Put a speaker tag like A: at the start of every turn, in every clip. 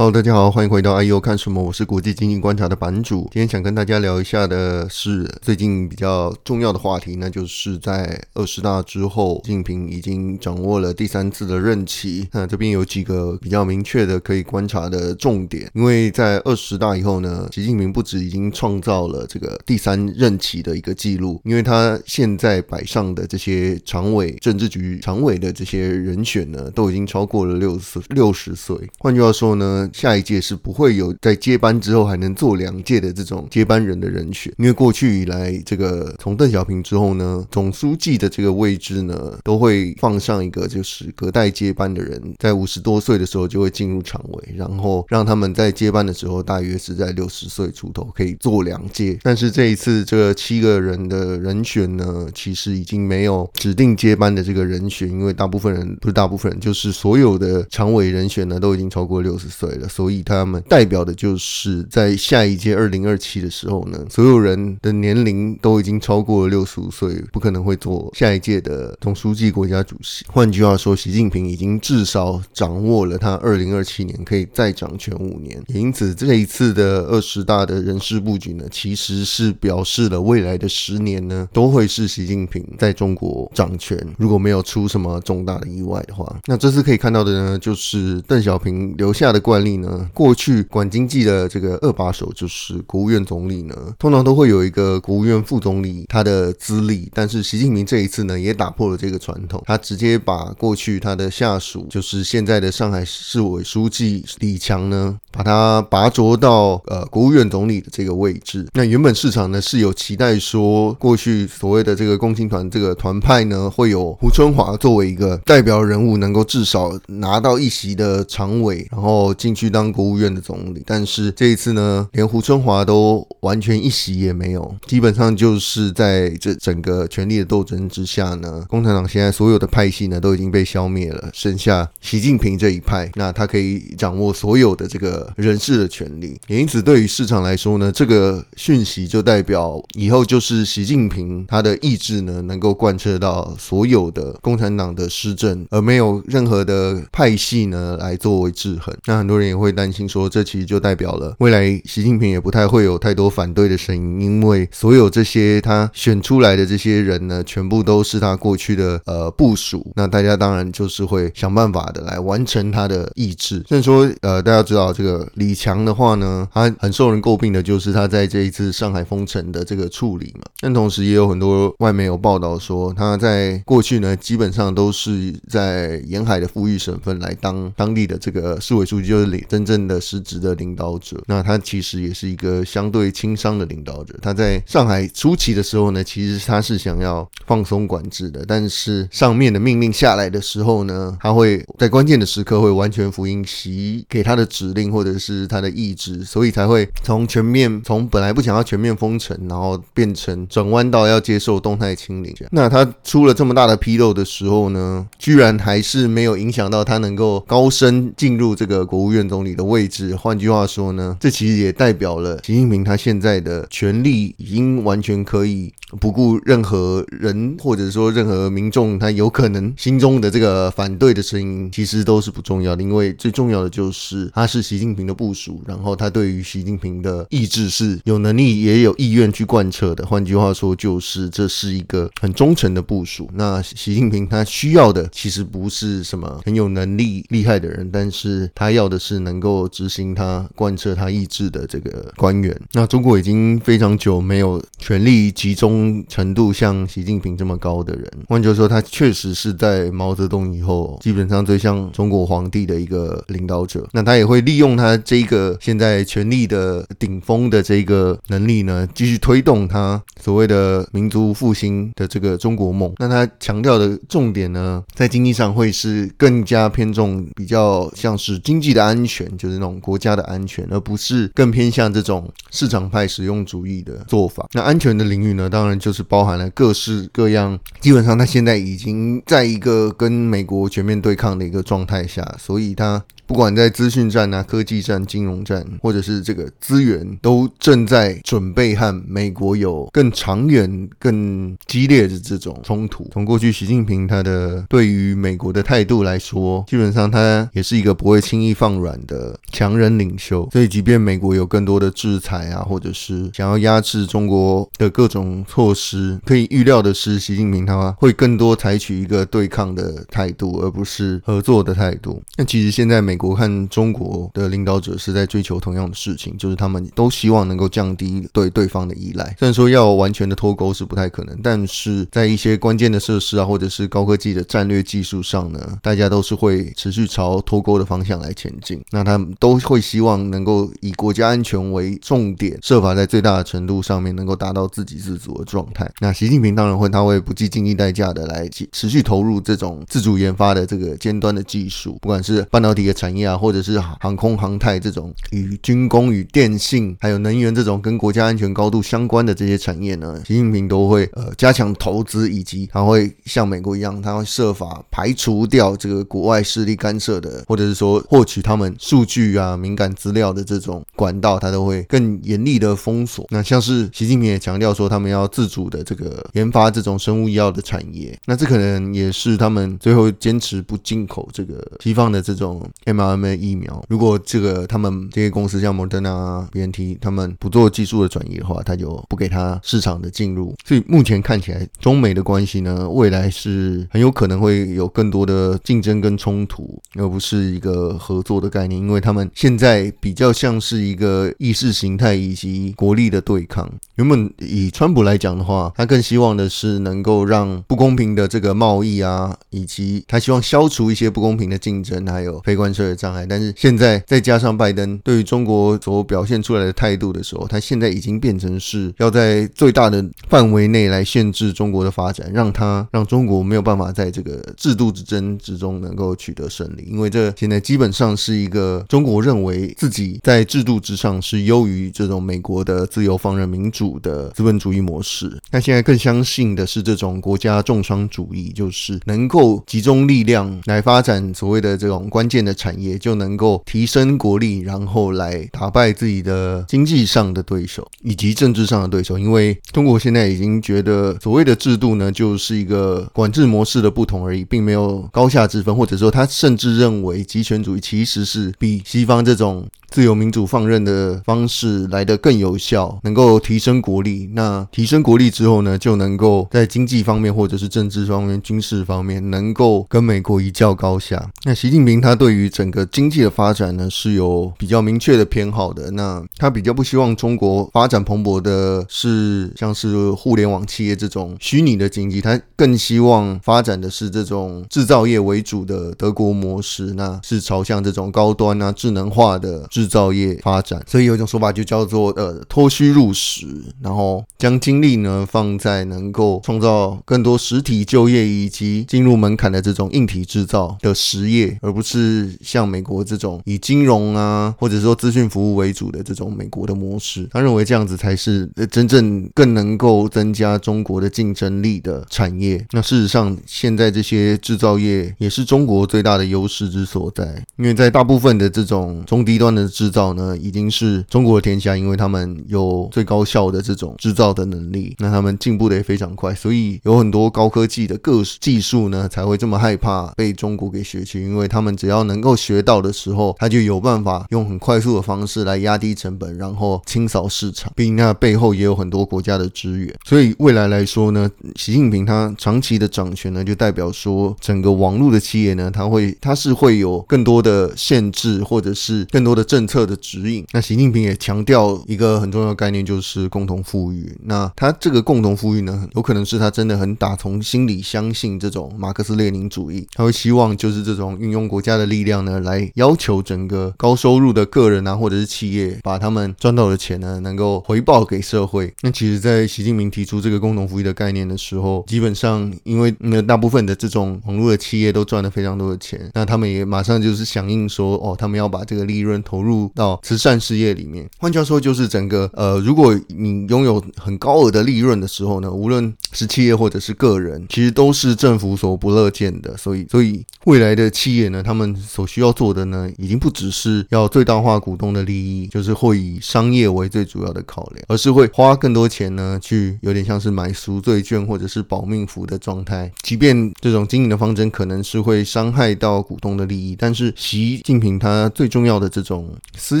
A: Hello，大家好，歡迎回到 IEO 看什麼？我是國際經濟觀察的版主。今天想跟大家聊一下的是最近比較重要的話題，那就是在二十大之後，習近平已經掌握了第三次的任期。那、啊、這邊有幾個比較明確的可以觀察的重點，因為在二十大以後呢，習近平不止已經創造了這個第三任期的一個記錄，因為他現在擺上的這些常委、政治局常委的這些人選呢，都已經超過了六十六十歲。換句話說呢，下一屆是不會有在接班之後還能做兩屆的這種接班人的人選，因為過去以來，這個從鄧小平之後呢，總書記的這個位置呢，都會放上一個就是隔代接班的人，在五十多歲的時候就會進入常委，然後讓他們在接班的時候，大約是在六十歲出頭可以做兩屆。但是這一次這七個人的人選呢，其實已經沒有指定接班的這個人選，因為大部分人不是大部分人，就是所有的常委人選呢都已經超過六十歲了。所以他們代表的就是在下一屆二零二七的時候呢，所有人的年齡都已經超過了六十五歲，不可能會做下一屆的總書記、國家主席。換句話說，習近平已經至少掌握了他二零二七年可以再掌權五年。因此，這一次的二十大的人事布局呢，其實是表示了未來的十年呢，都會是習近平在中國掌權。如果沒有出什麼重大的意外的話，那這次可以看到的呢，就是鄧小平留下的怪。呢？過去管經濟的這個二把手就是國務院總理呢，通常都會有一個國務院副總理，他的資歷。但是習近平這一次呢，也打破了這個傳統，他直接把過去他的下屬，就是現在的上海市委書記李強呢，把他拔擢到呃國務院總理的這個位置。那原本市場呢是有期待說，過去所謂的這個共青團這個團派呢，會有胡春華作為一個代表人物，能夠至少拿到一席的常委，然後進。去當國務院的總理，但是這一次呢，連胡春華都完全一席也沒有，基本上就是在這整個權力的鬥爭之下呢，共產黨現在所有的派系呢都已經被消滅了，剩下習近平這一派，那他可以掌握所有的這個人事的權力，也因此對於市場來說呢，這個訊息就代表以後就是習近平他的意志呢能夠貫徹到所有的共產黨的施政，而沒有任何的派系呢來作為制衡，那很多人也會擔心說，這其實就代表了未來習近平也不太會有太多反對的聲音，因為所有這些他選出來的這些人呢，全部都是他過去的呃部屬。那大家當然就是會想辦法的來完成他的意志。甚至說呃大家知道這個李強的話呢，他很受人詬病的就是他在這一次上海封城的這個處理嘛。但同時也有很多外媒有報道說他在過去呢，基本上都是在沿海的富裕省份來當當地的這個市委書記，就是。真正的失職的領導者，那他其實也是一個相對輕傷的領導者。他在上海初期的時候呢，其實他是想要放鬆管制的，但是上面的命令下來的時候呢，他會在關鍵的時刻會完全服膺習給他的指令或者是他的意志，所以才會從全面從本來不想要全面封城，然後變成轉彎到要接受動態清零。那他出了這麼大的紕漏的時候呢，居然還是沒有影響到他能夠高升進入這個國務院，總理的位置，換句話說呢，這其實也代表了習近平他現在的權力已經完全可以不顧任何人，或者說任何民眾他有可能心中的這個反對的聲音，其實都是不重要的，因為最重要的就是他是習近平的部屬，然後他對於習近平的意志是有能力也有意願去貫徹的。換句話說，就是這是一個很忠誠的部屬。那習近平他需要的其實不是什麼很有能力厲害的人，但是他要的是。是能夠執行他貫徹他意志的這個官員。那中國已經非常久沒有權力集中程度像習近平這麼高的人。換句話說，他確實是在毛澤東以後，基本上最像中國皇帝的一個領導者。那他也會利用他這個現在權力的頂峰的這個能力呢，繼續推動他所謂的民族復興的這個中國夢。那他強調的重點呢，在經濟上會是更加偏重，比較像是經濟的安全。安全就是那種國家的安全，而不是更偏向這種市場派實用主義的做法。那安全的領域呢，當然就是包含了各式各樣。基本上，他現在已經在一個跟美國全面對抗的一個狀態下，所以他不管在資訊戰啊、科技戰、金融戰，或者是這個資源，都正在準備和美國有更長遠、更激烈的這種衝突。從過去習近平他的對於美國的態度來說，基本上他也是一個不會輕易放軟的強人領袖，所以即便美國有更多的制裁啊，或者是想要壓制中國的各種措施，可以預料的是，習近平他會更多採取一個對抗的態度，而不是合作的態度。那其實現在美國和中國的領導者是在追求同樣的事情，就是他們都希望能夠降低對對方的依賴。雖然說要完全的脫鈎是不太可能，但是在一些關鍵的設施啊，或者是高科技的戰略技術上呢，大家都是會持續朝脫鈎的方向來前進。那他們都會希望能夠以國家安全為重點，設法在最大的程度上面能夠達到自給自足的狀態。那習近平當然會，他會不計經濟代價的來繼，持續投入這種自主研發的這個尖端的技術，不管是半導體的產業啊，或者是航空航太這種與軍工與電信還有能源這種跟國家安全高度相關的這些產業呢，習近平都會呃加強投資，以及他會像美國一樣，他會設法排除掉這個國外勢力干涉的，或者是說獲取他們。們數據啊、敏感資料的這種管道，它都會更嚴厲的封鎖。那像是習近平也強調說，他們要自主的這個研發這種生物醫藥的產業。那這可能也是他們最後堅持不進口這個西方的這種 mRNA 疫苗。如果這個他們這些公司像莫德納啊 BNT，他們不做技術的轉移的話，他就不給他市場的進入。所以目前看起來，中美的關係呢，未來是很有可能會有更多的競爭跟衝突，而不是一個合作的。概念，因為他們現在比較像是一個意識形態以及國力的對抗。原本以川普來講的話，他更希望的是能夠讓不公平的這個貿易啊，以及他希望消除一些不公平的競爭，還有非關稅的障礙。但是現在再加上拜登對於中國所表現出來的態度的時候，他現在已經變成是要在最大的範圍內來限制中國的發展，讓他讓中國沒有辦法在這個制度之爭之中能夠取得勝利，因為這現在基本上是。一個中國認為自己在制度之上是優於這種美國的自由放任民主的資本主義模式。那現在更相信的是這種國家重商主義，就是能夠集中力量來發展所謂的這種關鍵的產業，就能夠提升國力，然後來打敗自己的經濟上的對手以及政治上的對手。因為中國現在已經覺得所謂的制度呢，就是一個管制模式的不同而已，並沒有高下之分，或者說他甚至認為極權主義其實。是比西方這種自由民主放任的方式來得更有效，能夠提升國力。那提升國力之後呢，就能夠在經濟方面或者是政治方面、軍事方面能夠跟美國一較高下。那習近平他對於整個經濟的發展呢，是有比較明確的偏好的。那他比較不希望中國發展蓬勃的是像是互聯網企業這種虛擬的經濟，他更希望發展的是這種製造業為主的德國模式。那是朝向這種高。高端啊，智能化的製造業發展，所以有一種說法就叫做呃脫虛入實，然後將精力呢，放在能夠創造更多實體就業以及進入門檻的這種硬體製造的實業，而不是像美國這種以金融啊，或者說資訊服務為主的這種美國的模式。他認為這樣子才是真正更能夠增加中國的競爭力的產業。那事實上，現在這些製造業也是中國最大的優勢之所在，因為在大部分。部分的這種中低端的製造呢，已經是中國的天下，因為他們有最高效的這種製造的能力，那他們進步的也非常快，所以有很多高科技的各技術呢，才會這麼害怕被中國給學去，因為他們只要能夠學到的時候，他就有辦法用很快速的方式來壓低成本，然後清掃市場，並且背後也有很多國家的支援，所以未來來說呢，習近平他長期的掌權呢，就代表說整個網絡的企業呢，他會他是會有更多的限制。政治或者是更多的政策的指引，那習近平也強調一個很重要的概念，就是共同富裕。那他這個共同富裕呢，有可能是他真的很打從心裡相信這種馬克思列寧主義，他會希望就是這種運用國家的力量呢，來要求整個高收入的個人啊，或者是企業，把他們賺到的錢呢，能夠回報給社會。那其實，在習近平提出這個共同富裕的概念的時候，基本上因為那大部分的這種網絡的企業都賺了非常多的錢，那他們也馬上就是響應說。哦，他們要把這個利潤投入到慈善事業裡面。換句話說，就是整個呃，如果你擁有很高額的利潤的時候呢，無論是企業或者是個人，其實都是政府所不樂見的。所以，所以未來的企業呢，他們所需要做的呢，已經不只是要最大化股東的利益，就是會以商業為最主要的考量，而是會花更多錢呢，去有點像是買贖罪券或者是保命符的狀態。即便這種經營的方針可能是會傷害到股東的利益，但是習。習近平他最重要的這種思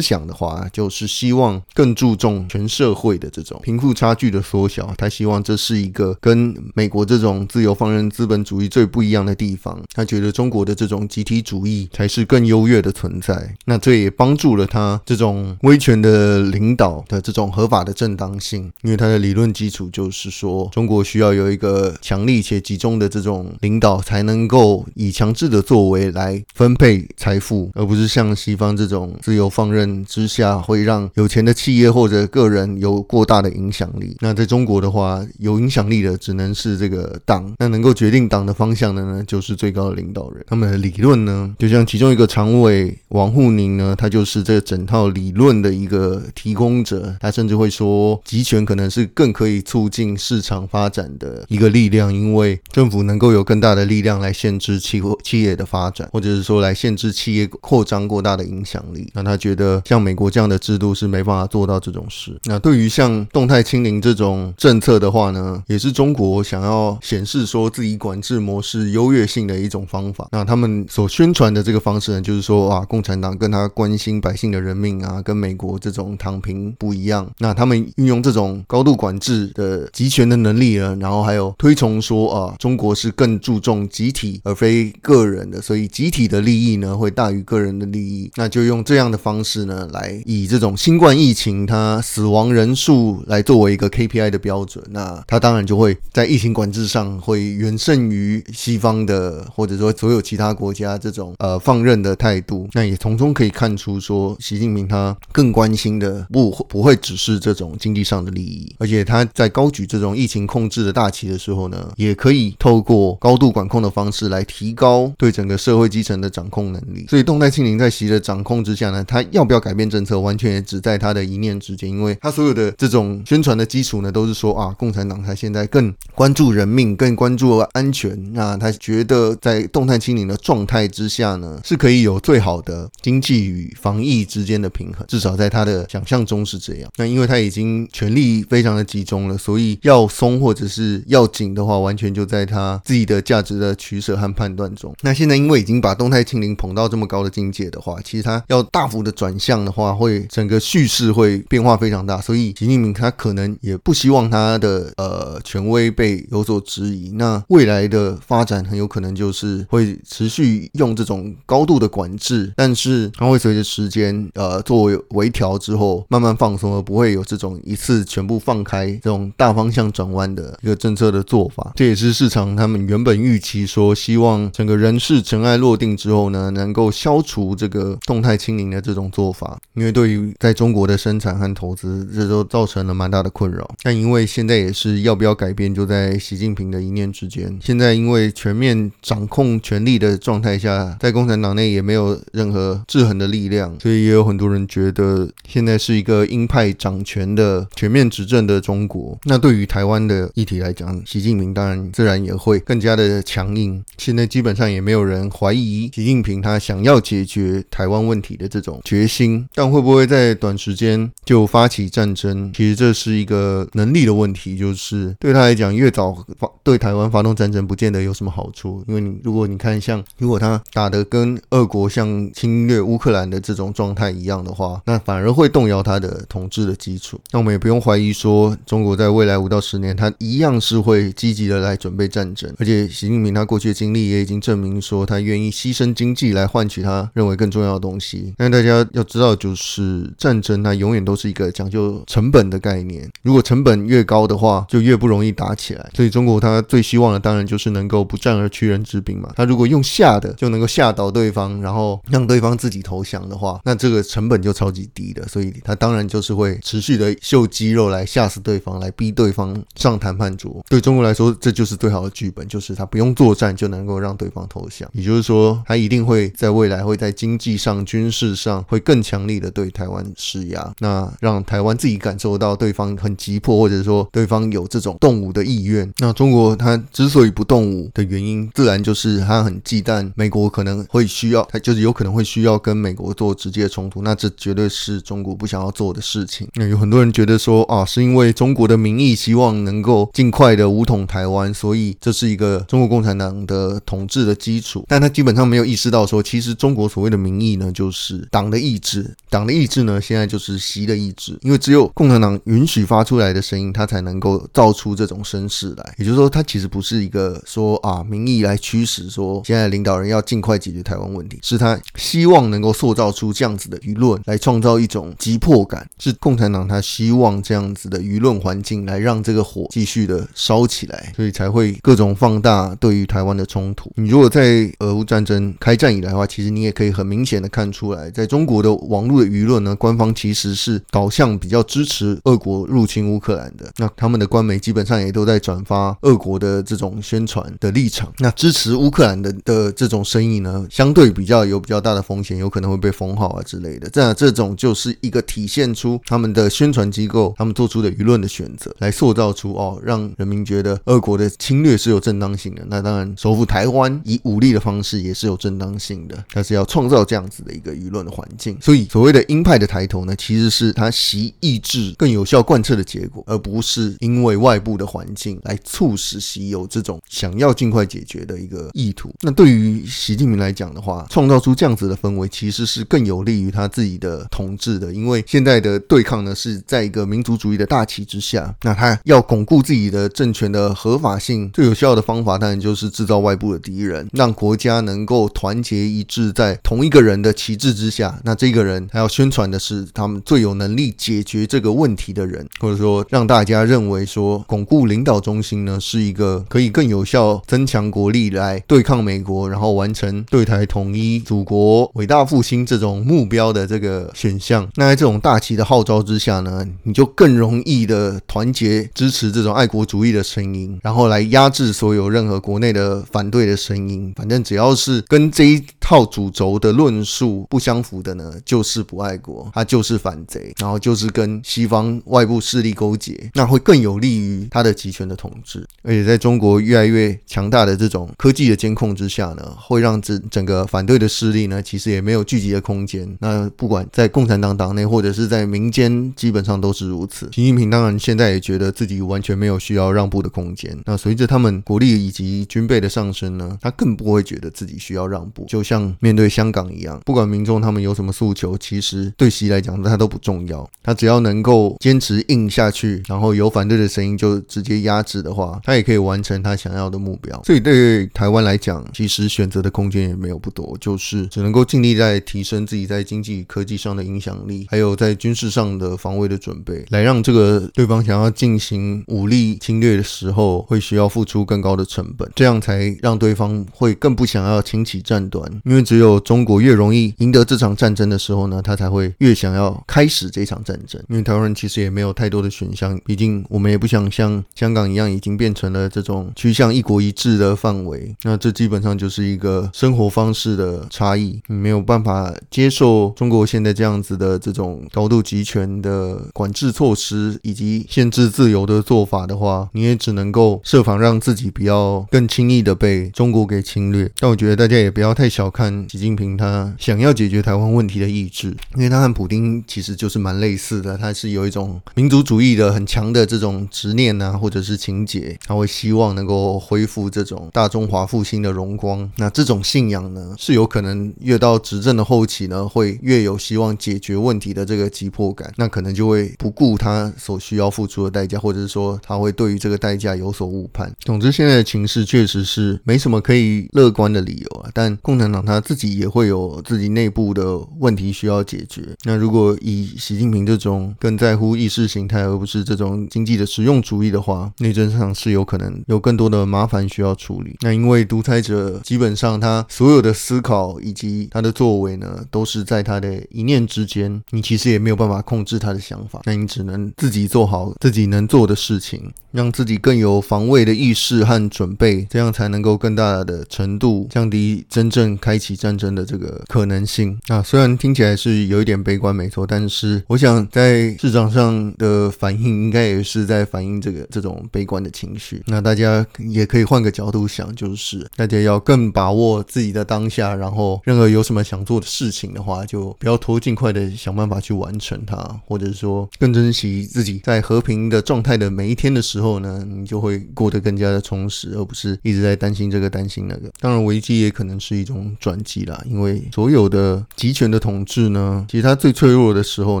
A: 想的話，就是希望更注重全社會的這種貧富差距的縮小。他希望這是一個跟美國這種自由放任資本主義最不一樣的地方。他覺得中國的這種集體主義才是更優越的存在。那這也幫助了他這種威權的領導的這種合法的正當性，因為他的理論基礎就是說，中國需要有一個強力且集中的這種領導，才能夠以強制的作為來分配財富。而不是像西方這種自由放任之下，會讓有錢的企業或者個人有過大的影響力。那在中國的話，有影響力的只能是這個黨。那能夠決定黨的方向的呢，就是最高的領導人。他們的理論呢，就像其中一個常委王滬寧呢，他就是這整套理論的一個提供者。他甚至會說，集權可能是更可以促進市場發展的一個力量，因為政府能夠有更大的力量來限制企企業的發展，或者是說來限制企業，擴張過大的影響力，讓他覺得像美國這樣的制度是沒辦法做到這種事。那對於像動態清零這種政策的話呢，也是中國想要顯示說自己管制模式優越性的一種方法。那他們所宣傳的這個方式呢，就是說啊，共產黨跟他關心百姓的人命啊，跟美國這種躺平不一樣。那他們運用這種高度管制的集權的能力呢，然後還有推崇說啊，中國是更注重集體而非個人的，所以集體的利益呢，會大於個人，個人的利益，那就用這樣的方式呢，來以這種新冠疫情它死亡人數來作為一個 KPI 的標準。那他當然就會在疫情管制上會遠勝於西方的，或者說所有其他國家這種呃放任的態度。那也從中可以看出，說習近平他更關心的不不會只是這種經濟上的利益，而且他在高舉這種疫情控制的大旗的時候呢，也可以透過高度管控的方式來提高對整個社會基層的掌控能力。所以動態。清零在習的掌控之下呢，他要不要改變政策，完全也只在他的一念之間。因為他所有的這種宣傳的基礎呢，都是說啊，共產黨他現在更關注人命，更關注安全。那他覺得在動態清零的狀態之下呢，是可以有最好的經濟與防疫之間的平衡，至少在他的想象中是這樣。那因為他已經權力非常的集中了，所以要鬆或者是要緊的話，完全就在他自己的價值的取捨和判斷中。那現在因為已經把動態清零捧到這麼高的經濟邊界的話，其實它要大幅的轉向的話，會整個敘事會變化非常大，所以習近平他可能也不希望他的呃權威被有所質疑。那未來的發展很有可能就是會持續用這種高度的管制，但是它會隨着時間呃作為微調之後慢慢放鬆，而不會有這種一次全部放開這種大方向轉彎的一個政策的做法。這也是市場他們原本預期說，希望整個人事塵埃落定之後呢，能夠消除。除這個動態清零的這種做法，因為對於在中國的生產和投資，這都造成了蠻大的困擾。但因為現在也是要不要改變，就在習近平的一念之間。現在因為全面掌控權力的狀態下，在共產黨內也沒有任何制衡的力量，所以也有很多人覺得現在是一個鷹派掌權的全面執政的中國。那對於台灣的議題來講，習近平當然自然也會更加的強硬。現在基本上也沒有人懷疑習近平他想要解。解決台灣問題的這種決心，但會不會在短時間就發起戰爭？其實這是一個能力的問題，就是對他來講，越早發對台灣發動戰爭，不見得有什麼好處。因為你如果你看像，如果他打得跟俄國像侵略烏克蘭的這種狀態一樣的話，那反而會動搖他的統治的基礎。那我們也不用懷疑說，中國在未來五到十年，他一樣是會積極的來準備戰爭。而且習近平他過去的經歷也已經證明說，他願意犧牲經濟來換取他認為更重要的東西，但大家要知道，就是戰爭它永遠都是一個講究成本的概念。如果成本越高的話，就越不容易打起來。所以中國它最希望的當然就是能夠不戰而屈人之兵嘛。它如果用嚇的，就能夠嚇倒對方，然後讓對方自己投降的話，那這個成本就超級低的。所以它當然就是會持續的秀肌肉來嚇死對方，來逼對方上談判桌。對中國來說，這就是最好的劇本，就是它不用作戰就能夠讓對方投降。也就是說，它一定會在未來會會在經濟上、軍事上會更強力的對台灣施壓，那讓台灣自己感受到對方很急迫，或者說對方有這種動武的意願。那中國它之所以不動武的原因，自然就是它很忌憚美國可能會需要，它就是有可能會需要跟美國做直接衝突，那這絕對是中國不想要做的事情。那有很多人覺得說啊，是因為中國的民意希望能夠盡快的武統台灣，所以這是一個中國共產黨的統治的基礎。但他基本上沒有意識到說，其實中國。我所謂的民意呢，就是黨的意志。黨的意志呢，現在就是習的意志。因為只有共產黨允許發出來的聲音，他才能夠造出這種聲勢來。也就是說，他其實不是一個說啊，民意來驅使，說現在領導人要儘快解決台灣問題，是他希望能夠塑造出這樣子的輿論來，創造一種急迫感。是共產黨他希望這樣子的輿論環境來讓這個火繼續的燒起來，所以才會各種放大對於台灣的衝突。你如果在俄烏戰爭開戰以來的話，其實你也。也可以很明顯的看出來，在中國的網絡的輿論呢，官方其實是導向比較支持俄國入侵烏克蘭的。那他們的官媒基本上也都在轉發俄國的這種宣傳的立場。那支持烏克蘭的的這種聲音呢，相對比較有比較大的風險，有可能會被封號啊之類的。這這種就是一個體現出他們的宣傳機構，他們做出的輿論的選擇，來塑造出哦，讓人民覺得俄國的侵略是有正當性的。那當然，收復台灣以武力的方式也是有正當性的，但是要。要創造這樣子的一個輿論的環境，所以所謂的鷹派的抬頭呢，其實是他習意志更有效貫徹的結果，而不是因為外部的環境來促使習有這種想要盡快解決的一個意圖。那對於習近平來講的話，創造出這樣子的氛圍，其實是更有利於他自己的統治的，因為現在的對抗呢是在一個民族主義的大旗之下，那他要鞏固自己的政權的合法性，最有效的方法當然就是制造外部的敵人，讓國家能夠團結一致在。同一個人的旗幟之下，那這個人他要宣傳的是他們最有能力解決這個問題的人，或者說讓大家認為說鞏固領導中心呢是一個可以更有效增強國力來對抗美國，然後完成對台統一、祖國偉大復興這種目標的這個選項。那在這種大旗的號召之下呢，你就更容易的團結支持這種愛國主義的聲音，然後來壓制所有任何國內的反對的聲音。反正只要是跟這一套組。軸的論述不相符的呢，就是不愛國，他就是反賊，然後就是跟西方外部勢力勾結，那會更有利於他的集權的統治。而且在中國越來越強大的這種科技的監控之下呢，會讓整整個反對的勢力呢，其實也沒有聚集的空間。那不管在共產黨黨內或者是在民間，基本上都是如此。習近平當然現在也覺得自己完全沒有需要讓步的空間。那隨着他們國力以及軍備的上升呢，他更不會覺得自己需要讓步。就像面對。香港一樣，不管民眾他們有什麼訴求，其實對習來講他都不重要。他只要能夠堅持硬下去，然後有反對的聲音就直接壓制的話，他也可以完成他想要的目標。所以對台灣來講，其實選擇的空間也沒有不多，就是只能夠盡力在提升自己在經濟與科技上的影響力，還有在軍事上的防衛的準備，來讓這個對方想要進行武力侵略的時候，會需要付出更高的成本，這樣才讓對方會更不想要輕啟戰端，因為只有。中國越容易贏得這場戰爭的時候呢，他才會越想要開始這場戰爭。因為台灣人其實也沒有太多的選項，畢竟我們也不想像香港一樣，已經變成了這種趨向一國一制的範圍。那這基本上就是一個生活方式的差異，你沒有辦法接受中國現在這樣子的這種高度集權的管制措施以及限制自由的做法的話，你也只能夠設防，讓自己比較更輕易的被中國給侵略。但我覺得大家也不要太小看。習近平他想要解決台灣問題的意志，因為他和普丁其實就是蠻類似的，他是有一種民族主義的很強的這種執念吶、啊，或者是情節，他會希望能夠恢復這種大中華復興的榮光。那這種信仰呢，是有可能越到執政的後期呢，會越有希望解決問題的這個急迫感，那可能就會不顧他所需要付出的代價，或者是說他會對於這個代價有所誤判。總之，現在的情勢確實是沒什麼可以樂觀的理由啊，但共產黨他自己。也會有自己內部的問題需要解決。那如果以習近平這種更在乎意識形態，而不是這種經濟的實用主義的話，內政上是有可能有更多的麻煩需要處理。那因為獨裁者基本上他所有的思考以及他的作為呢，都是在他的一念之間。你其實也沒有辦法控制他的想法，那你只能自己做好自己能做的事情，讓自己更有防衛的意識和準備，這樣才能夠更大的程度降低真正開啟戰爭。真的這個可能性啊，雖然聽起來是有一點悲觀，沒錯，但是我想在市場上的反應應該也是在反映這個這種悲觀的情緒。那大家也可以換個角度想，就是大家要更把握自己的當下，然後任何有什麼想做的事情的話，就不要拖，盡快的想辦法去完成它，或者說更珍惜自己在和平的狀態的每一天的時候呢，你就會過得更加的充實，而不是一直在擔心這個擔心那個。當然，危機也可能是一種轉機了。啊，因為所有的集權的統治呢，其實他最脆弱的時候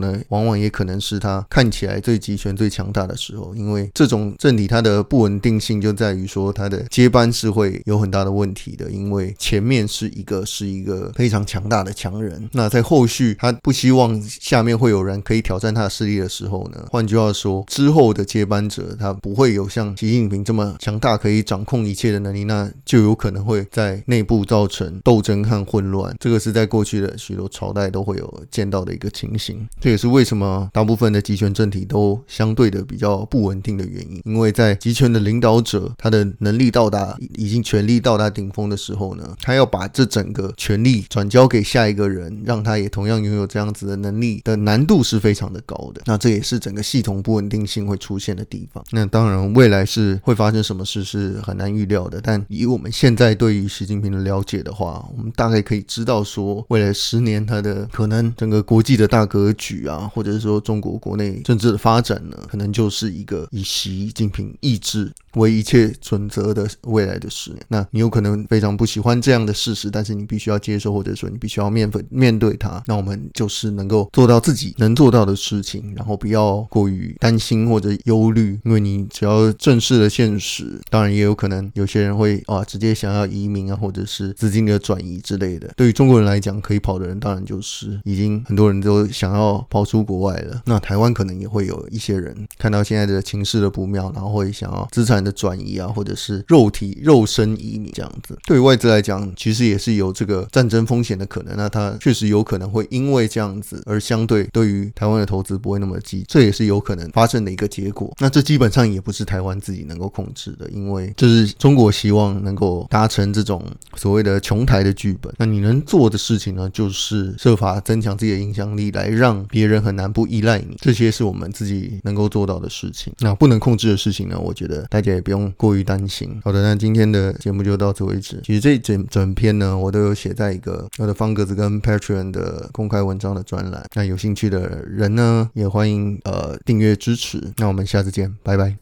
A: 呢，往往也可能是他看起來最集權、最強大的時候。因為這種政體它的不穩定性就在於說，它的接班是會有很大的問題的。因為前面是一個是一個非常強大的強人，那在後續他不希望下面會有人可以挑戰他的勢力的時候呢，換句話說，之後的接班者他不會有像習近平這麼強大可以掌控一切的能力，那就有可能會在內部造成鬥爭和混。混亂，這個是在過去的許多朝代都會有見到的一個情形。這也是為什麼大部分的集權政體都相對的比較不穩定的原因。因為在集權的領導者，他的能力到達已經權力到達頂峰的時候呢，他要把這整個權力轉交給下一個人，讓他也同樣擁有這樣子的能力的難度是非常的高的。那這也是整個系統不穩定性會出現的地方。那當然，未來是會發生什麼事是很難預料的。但以我們現在對於習近平的了解的話，我們大概。可以知道說，未來十年它，的可能整個國際的大格局啊，或者是說中國國內政治的發展呢，可能就是一個以習近平意志為一切準則的未來的十年。那你有可能非常不喜歡這樣的事實，但是你必須要接受，或者說你必須要面粉面對它。那我們就是能夠做到自己能做到的事情，然後不要過於擔心或者憂慮，因為你只要正視了現實，當然也有可能有些人會啊直接想要移民啊，或者是資金的轉移之類的。對於中國人來講，可以跑的人當然就是已經很多人都想要跑出國外了。那台灣可能也會有一些人看到現在的情勢的不妙，然後會想要資產的轉移啊，或者是肉體、肉身移民這樣子。對於外資來講，其實也是有這個戰爭風險的可能。那它確實有可能會因為這樣子而相對對於台灣的投資不會那麼低，這也是有可能發生的一個結果。那這基本上也不是台灣自己能夠控制的，因為這是中國希望能夠達成這種所謂的“窮台”的劇本。那你能做的事情呢，就是設法增強自己的影響力，來讓別人很難不依賴你。這些是我們自己能夠做到的事情。那不能控制的事情呢，我覺得大家也不用過於擔心。好的，那今天的節目就到此為止。其實這一整整篇呢，我都有寫在一個我的方格子跟 Patreon 的公開文章的專欄。那有興趣的人呢，也歡迎呃訂閱支持。那我們下次見，拜拜。